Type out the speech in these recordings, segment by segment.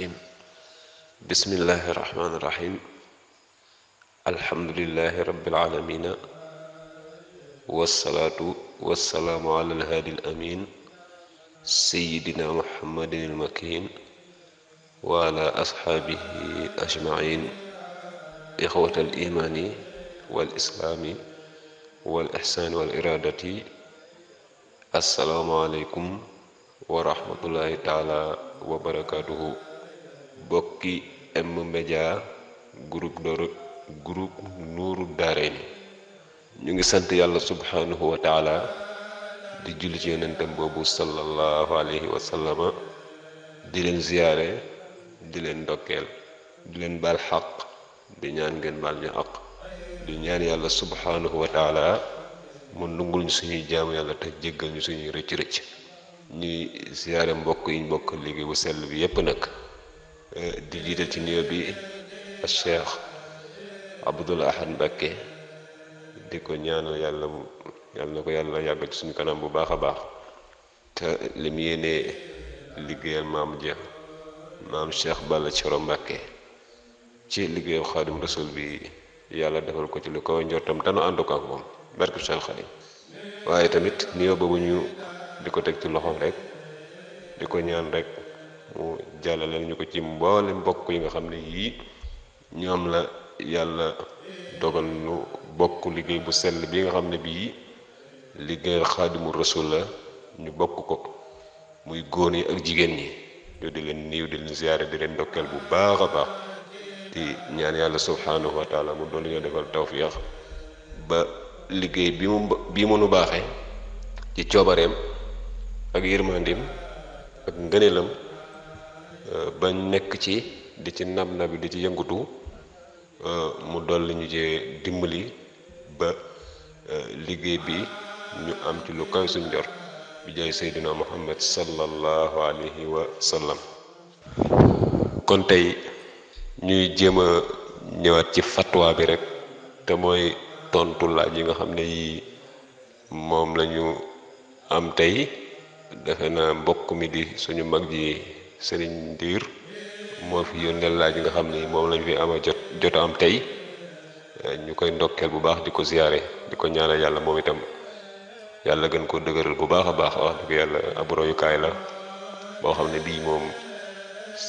الرجيم بسم الله الرحمن الرحيم الحمد لله رب العالمين والصلاة والسلام على الهادي الأمين سيدنا محمد المكين وعلى أصحابه أجمعين إخوة الإيمان والإسلام والإحسان والإرادة السلام عليكم ورحمة الله تعالى وبركاته bokki M-Media groupe nuru groupe ñu ngi sant yàlla subhanahu wa taala di julli ci yonentam boobu sallallahu alayhi wa di leen ziyaare di leen ndokkeel di leen baal xaq di ñaan ngeen baal ñu xaq di ñaan yàlla subhanahu wa taala mu nungul ñu suñuy jaamu yàlla te jéggal ñu suñuy rëcc rëcc ñuy ziyaare mbokk yi ñu bokk liggéey bu sell bi yépp nag di jiital ci nuyoo bi Cheikh Abdoul Ahad Mbacké di ko ñaan yàlla yàlla na ko yàlla yàgg ci suñu kanam bu baax a baax te li mu liggéeyal maam ja maam Cheikh Balla Thioro Mbacké ci liggéeyu Xaadim Rasul bi yàlla defal ko ci lu ko njortam te nu ànd ko ak moom barke Cheikh Xaadim waaye tamit nuyoo boobu ñu di ko teg ci loxoom rek di ko ñaan rek. mu jàllaleel ñu ko ci mboolem mbokk yi nga xam ne yii ñoom la yàlla dogal nu bokk liggéey bu sell bii nga xam ne bii liggéey xaadimu rasul la ñu bokk ko muy góor yi ak jigéen ñi ñu di leen niiw di leen ziyaare di leen ndokkeel bu baax a baax di ñaan yàlla subhanahu wa taala mu doon ñoo defal tawfiix ba liggéey bi mu bi mu nu baaxee ci coobareem ak yërmandim ak ngëneelam Euh, ba nekk ci di ci nab nabi di ci yëngutu euh, mu dolli ñu ci dimbali ba euh, liggéey bi ñu am ci lu kaw suñ njor bi jaay seydina muhammad sallallahu alayhi wa kon tey ñuy jéem a ñëwaat ci fatwa bi rek te mooy tontu laaj yi nga xam ne yii moom lañu am tey defe na mbokk mi di suñu mag ji sëriñ Ndiir moo fi yónnee laaj nga xam ni moom lañ fi ama jot jot am tey eh, ñu koy ndokkeel bu baax di ko ziyaare di ko ñaanal yàlla moom itam yàlla gën koo dëgëral bu baax a baax wax dëgg yàlla ab royukaay la boo xam ne bii moom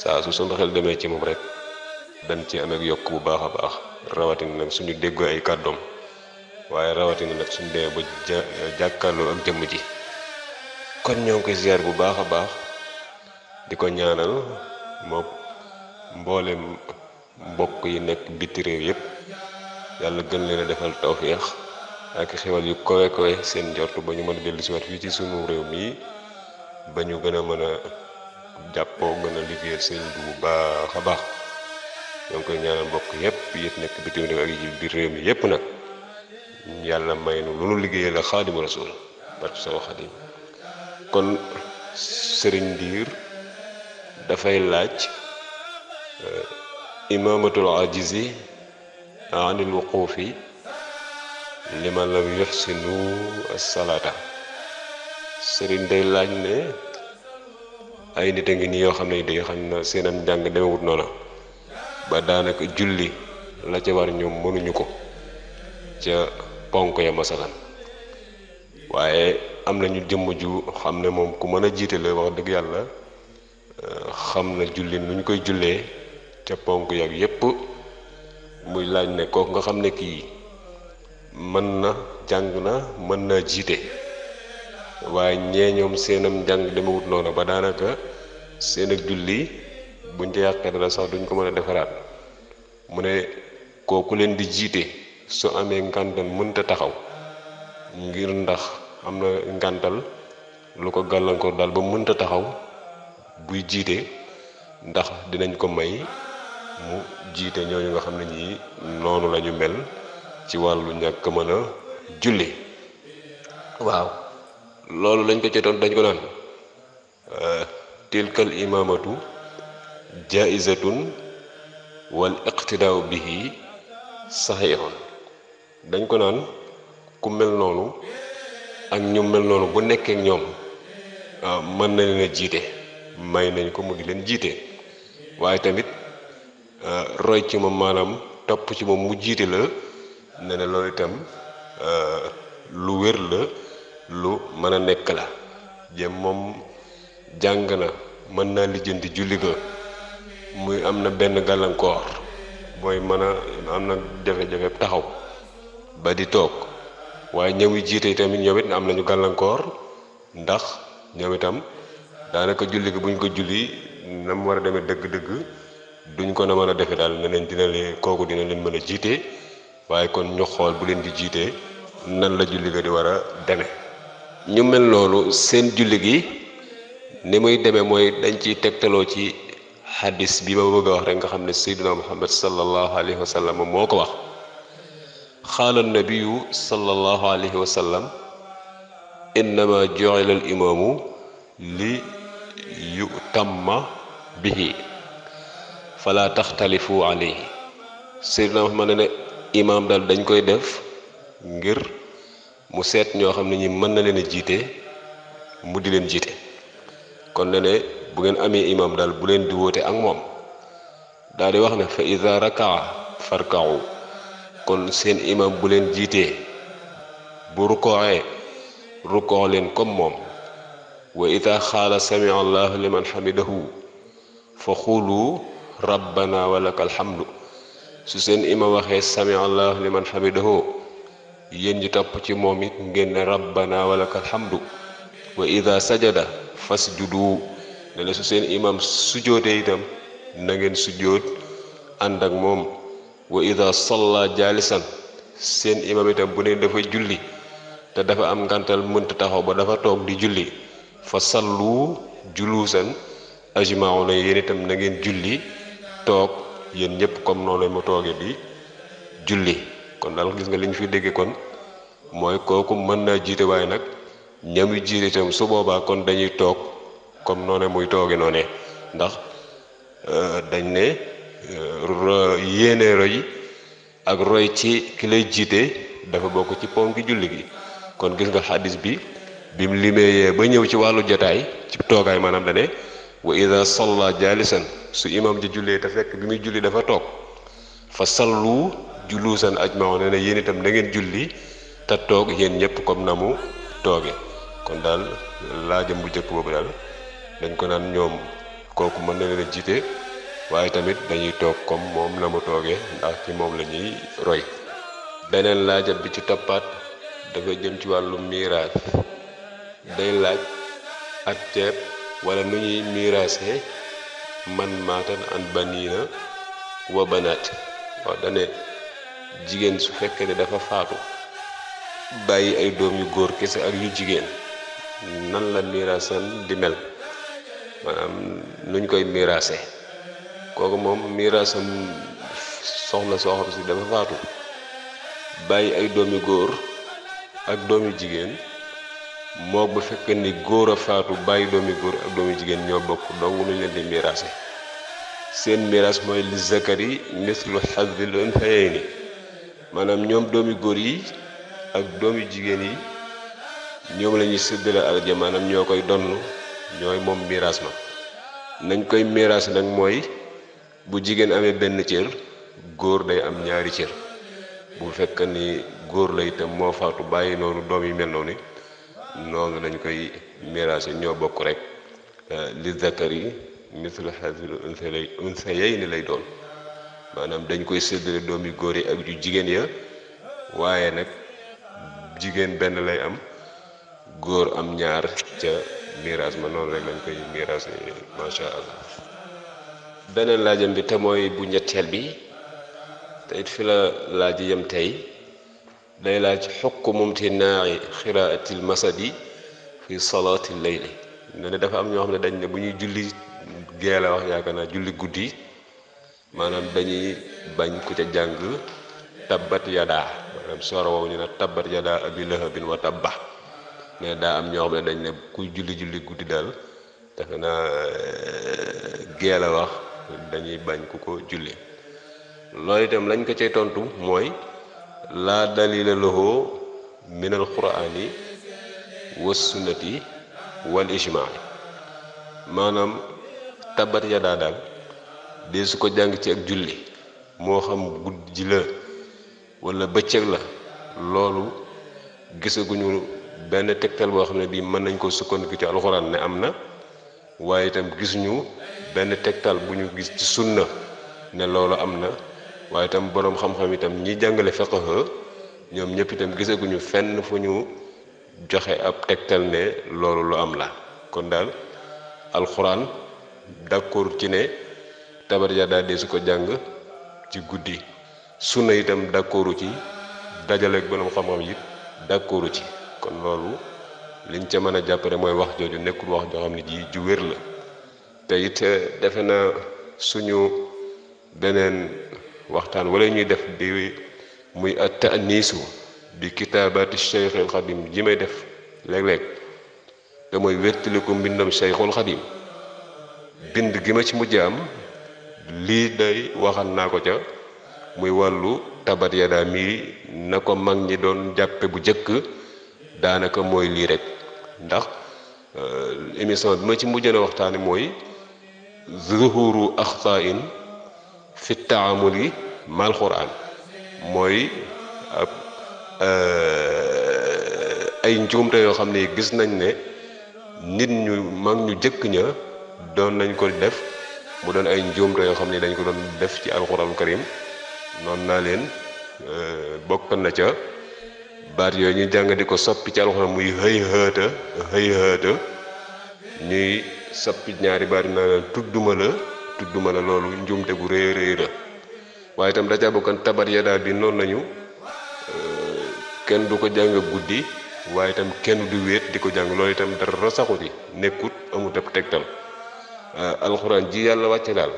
saa su sunu xel demee ci moom rek dañ ci am yokk bu baax a baax rawatina nag suñu déggoo ay kàddoom waaye rawatina nag suñu demee ba ja jàkkaarloo ak jëmm ji kon ñoo ngi koy ziyaar bu baax a baax. di ko ñaanal mbokk mboole mbokk yi nekk biti réew yépp yàlla gën leen a defal tawféex ak xewal yu kowe kowe seen njort ba ñu mën a dellu si waat fii ci sunu réew mii ba ñu gën a mën a jàppoo gën a liggéey sëriñ bi baax a baax ñoo koy ñaanal mbokk yépp yépp nekk bitim réew ak yi nag yàlla may nu lu nu liggéeyal ak xaadimu rasul kon sëriñ Ndiir dafay laaj euh, imaamatul ajizi anil wuqufi liman lam yuxsinu asalaata sëriñ day laaj ne ay nit a ngi nii yoo xam ne day xam na seenam njàng demewut noona ba daanaka julli la ca war ñoom mënuñu ko ca ponk ya masalan waaye am nañu jëmm ju xam ne moom ku mën a jiite wax dëgg yàlla xam na julli nu ñu koy jullee ca ponk yag yépp muy laaj ne kooku nga xam ne kii mën na jàng na mën naa jiite waaye ñee ñoom seenam njàng demewut noona ba daanaka seen ak julli buñ ca yàqee dara sax duñ ko mën a defaraat mu ne kooku leen di jiite su amee ngàntal mënta taxaw ngir ndax am na ngàntal lu ko gàllankoor dal ba mënta taxaw buy jiite ndax dinañ ko may mu jiite ñooñu nga xam ne ñii noonu la ñu mel ci wàllu ñàkk mën a julli waaw loolu lañ ko ci doon dañ ko naan euh, tilkal imaamatu jaizatun wal iqtidaaw bihi saxiixun dañ ko naan ku mel noonu ak ñu mel noonu bu nekkee ñoom euh, mën na leen a jiite may nañ ko mu di leen jiite waaye tamit euh, roy ci moom maanaam topp ci moom mu jiite la ne ne loolu itam euh, lu wér la lu mën a nekk la jëm moom jàng na mën naa lijjanti julli ga muy am na benn gàllankoor booy mën a am na jafe-jafe taxaw ba di toog waaye ñëw yi jiite tamit ñoom am nañu gàllankoor ndax ñoom daanaka julli gi buñ ko julli na mu war a demee dëgg-dëgg duñ ko na mën a defe daal ne leen dina leen kooku dina leen mën a jiite waaye kon ñu xool bu leen di jiite nan la julli ga di war a demee ñu mel loolu seen julli gi ni muy demee mooy dañ ciy tegtaloo ci xadis bi ma bëgg a wax rek nga xam ne sayduna muhammad sallallahu alayhi wa moo ko wax xaala nabiyu sallallahu alayhi wa sallam innama imaamu li yu tamma bihi falaa taxtalifu alayhi Seydina Muhammad ne ne imaam daal dañ koy def ngir mu seet ñoo xam ne ñi mën na leen a jiite mu di leen jiite kon ne ne bu ngeen amee imaam daal bu leen di woote ak moom daal di wax ne fa iza rakaa farkaaw kon seen imaam bu leen jiitee bu rukkooxee rukkoox leen comme moom wa ida xaala samia allahu liman xamidahu fa xuulu rabbana walaka alhamdu su seen ima waxee samia li liman xamidahu yéen ñi topp ci moom it ngeen ne rabbana walaka alhamdu wa ida sajada fasjudu ne la su seen imam sujootee itam na ngeen sujoot ànd ak moom wa ida salla jaalisan seen imam itam bu ne dafa julli te dafa am ngantal mënta taxaw ba dafa toog di julli fa sallu juluusan ajmao na yéen itam na ngeen julli toog yéen ñëpp comme noonu ma tooge bi julli kon daal gis nga li ñu fi dégg kon mooy kooku mën naa jiite waaye nag ñamu jiite itam su boobaa kon dañuy toog comme noonu muy tooge noone ndax euh, dañ ne euh, yéene roy ak roy ci ki lay jiite dafa bokk ci ponki julli gi kon gis nga xadis bi bi mu limeeyee ba ñëw ci wàllu jotaay ci toogaay maanaam dane wa ida salla jaalisan su imam ji jullee te fekk bi muy julli dafa toog fa sallu juluusan ajmaon ne ne yéen itam na ngeen julli te toog yéen ñëpp comme na mu tooge kon daal laajam bu njëkk boobu daal dañ ko naan ñoom kooku mën na leen a jiite waaye tamit dañuy toog comme moom na mu toogee ndax ci moom la ñuy roy beneen laajam bi ci toppaat dafa jëm ci wàllu miraas day laaj ak ceeb walla nu ñuy miraase man maatan an baniina wa banaat waaw dane jigéen su fekkee ne dafa faatu bàyyi ay doom yu góor kese ak yu jigéen nan la miraasan di mel maanaam nuñ koy miraase kooku moom miraasam soxna soo xam si dafa faatu bàyyi ay doom yu góor ak doom yu jigéen moo bu fekkee ni góor a faatu bàyyi doomi góor ak doomi jigéen ñoo bokk dong nañ leen di miraase seen miraas mooy li zakari mislu xadil unsayayni maanaam ñoom doomi góor yi ak doomi jigéen yi ñoom la ñuy séddale alal ñoo koy donn ñooy moom miraas ma nañ koy miraas nag mooy bu jigéen amee benn cër góor day am ñaari cër bu fekk ni góor la itam moo faatu bàyyi noonu doom yi mel noonu noonu lañ koy miraase ñoo bokk rek euh, li zakari mithlu hazil unsayayni lay doon maanaam dañ koy séddale doomi góor yi ak yu jigéen ya waaye nag jigéen benn lay am góor am ñaar ca miraas ma noonu rek lañ koy miraase macha allah beneen laajam bi te mooy bu ñetteel bi te it fi la laaj yam tey ci day laaj xukmu imtinaa'i xiraatil masadi fi salaatil layli ne dafa am ñoo xam ne dañ ne bu ñuy julli gee la wax yaakaar naa julli guddi maanaam dañuy bañ ku ca jàng tabbat yadaa maanaam soor woowu ñu ne tabbat yadaa abi lahabin wa tabba mais daa am ñoo xam ne dañ ne kuy julli julli guddi daal defe naa eh, gee wax dañuy bañ ku ko julli loolu itam lañ ko cay tontu mooy. laa dalila lahu min alquraani wa sunnati wal ijmaai maanaam tabat ya daal dee su ko jàng ci ak julli moo xam guddi ji la wala bëccëg la loolu gisaguñu benn tegtal boo xam ne bii mën nañ ko sukkandiku ci alxuraan ne am na waaye itam gisuñu benn tegtal bu ñu gis ci sunna ne loolu am na waaye itam boroom xam-xam itam ñi jàngale fiqh ñoom ñëpp itam gisaguñu fenn fu ñu joxe ab tegtal ne loolu lu am la kon daal alxuraan d'accord ci ne tabarja daal dee su ko jàng ci guddi sunna itam d'accordu ci dajaleeg boroom xam-xam yi d'accordu ci kon loolu liñ ca mën a jàppare mooy wax jooju nekkul wax joo xam ne ji ju wér la te it defe na suñu beneen waxtaan wala ñuy def di muy at taaniisu bi kitaabaati Cheikh El Khadim ji may def léeg-léeg te mooy wéttaliku mbindam Cheikhul Khadim bind gi ma ci mujj am lii day waxal naa ko ca muy wàllu tabat yadaa mii na ko mag ñi doon jàppe bu jëkk daanaka mooy lii rek ndax euh, émission bi ma ci mujjoon a waxtaani mooy zuhuru axtaa in fi taamul yi mal quran mooy ab euh, ay njuumte yoo xam ne gis nañ ne nit ñu mag ñu jëkk ña doon nañ ko def mu doon ay njuumte yoo xam ne dañ ko doon def ci alxuraanul karim noonu naa leen euh, bokk na ca baat yooyu ñu jàng di ko soppi ci alxuraan muy hëy hëta hëy hëta ñuy soppi ñaari baat naa tudduma la tudduma la loolu njuumte gu rëy rëy waaye itam da caa bokkan tabat yadaa bi noonu nañu euh, kenn du ko jàng guddi waaye tam kenn du wéet di ko jàng loolu itam dara saxu ci nekkut amut ab tegtal euh, alxuraan ji yàlla wàcc daal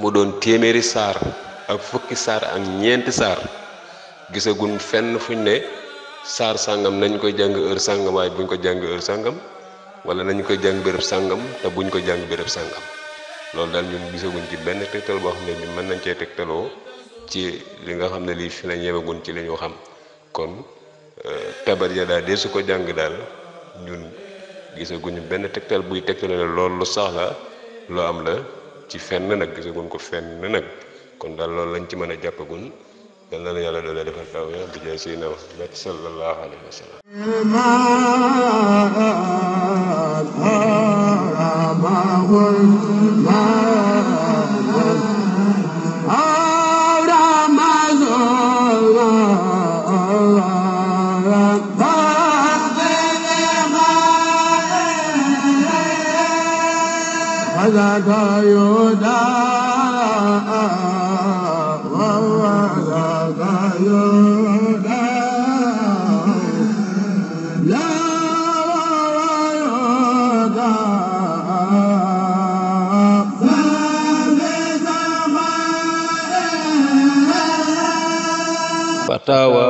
mu doon téeméeri saar ak fukki saar ak ñeenti saar gisagun fenn fuñ ne saar sàngam nañ koy jàng ër sàngam waaye buñ ko jàng heure sàngam wala nañ koy jàng béréb sàngam te buñ ko jàng béréb sàngam loolu daal ñun gisaguñ ci benn tegtal boo xam ne bi mën nañ cee tegtaloo ci li nga xam ne lii fi lañ yemaguñ ci li xam kon tabar daal de su ko jàng daal ñun gisaguñu benn tegtal buy tegtale la loolu lu sax la lu am la ci fenn nag gisaguñ ko fenn nag kon daal loolu lañ ci mën a jàppaguñ yal na la yàlla doole defal taw ya bi jaay siy naw bat sallallahu alayhi wa sallam tawa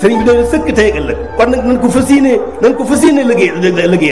sëriñ bi de sëkk tey ëllëg kon nag nañ ko fas yéenee nañ ko fas yéenee liggéey liggéey